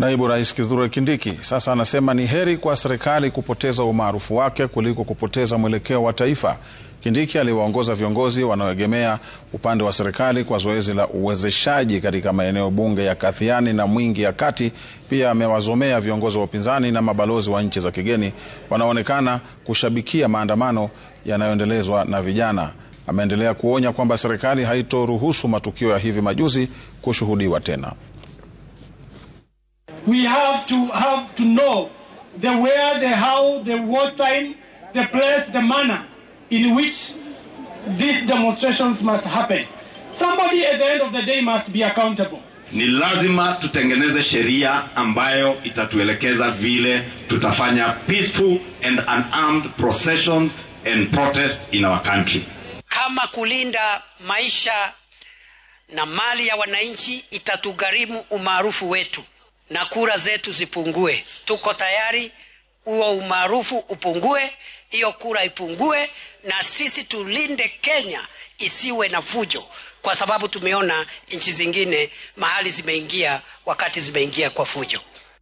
Naibu Rais Kithure Kindiki sasa anasema ni heri kwa serikali kupoteza umaarufu wake kuliko kupoteza mwelekeo wa taifa. Kindiki aliwaongoza viongozi wanaoegemea upande wa serikali kwa zoezi la uwezeshaji katika maeneo bunge ya Kathiani na Mwingi ya Kati. Pia amewazomea viongozi wa upinzani na mabalozi wa nchi za kigeni wanaonekana kushabikia maandamano yanayoendelezwa na vijana. Ameendelea kuonya kwamba serikali haitoruhusu matukio ya hivi majuzi kushuhudiwa tena we have to have to know the where, the how, the what time, the place, the manner in which these demonstrations must happen. Somebody at the end of the day must be accountable. Ni lazima tutengeneze sheria ambayo itatuelekeza vile tutafanya peaceful and unarmed processions and protests in our country. Kama kulinda maisha na mali ya wananchi itatugharimu umaarufu wetu na kura zetu zipungue. Tuko tayari huo umaarufu upungue, hiyo kura ipungue, na sisi tulinde Kenya isiwe na fujo, kwa sababu tumeona nchi zingine mahali zimeingia wakati zimeingia kwa fujo.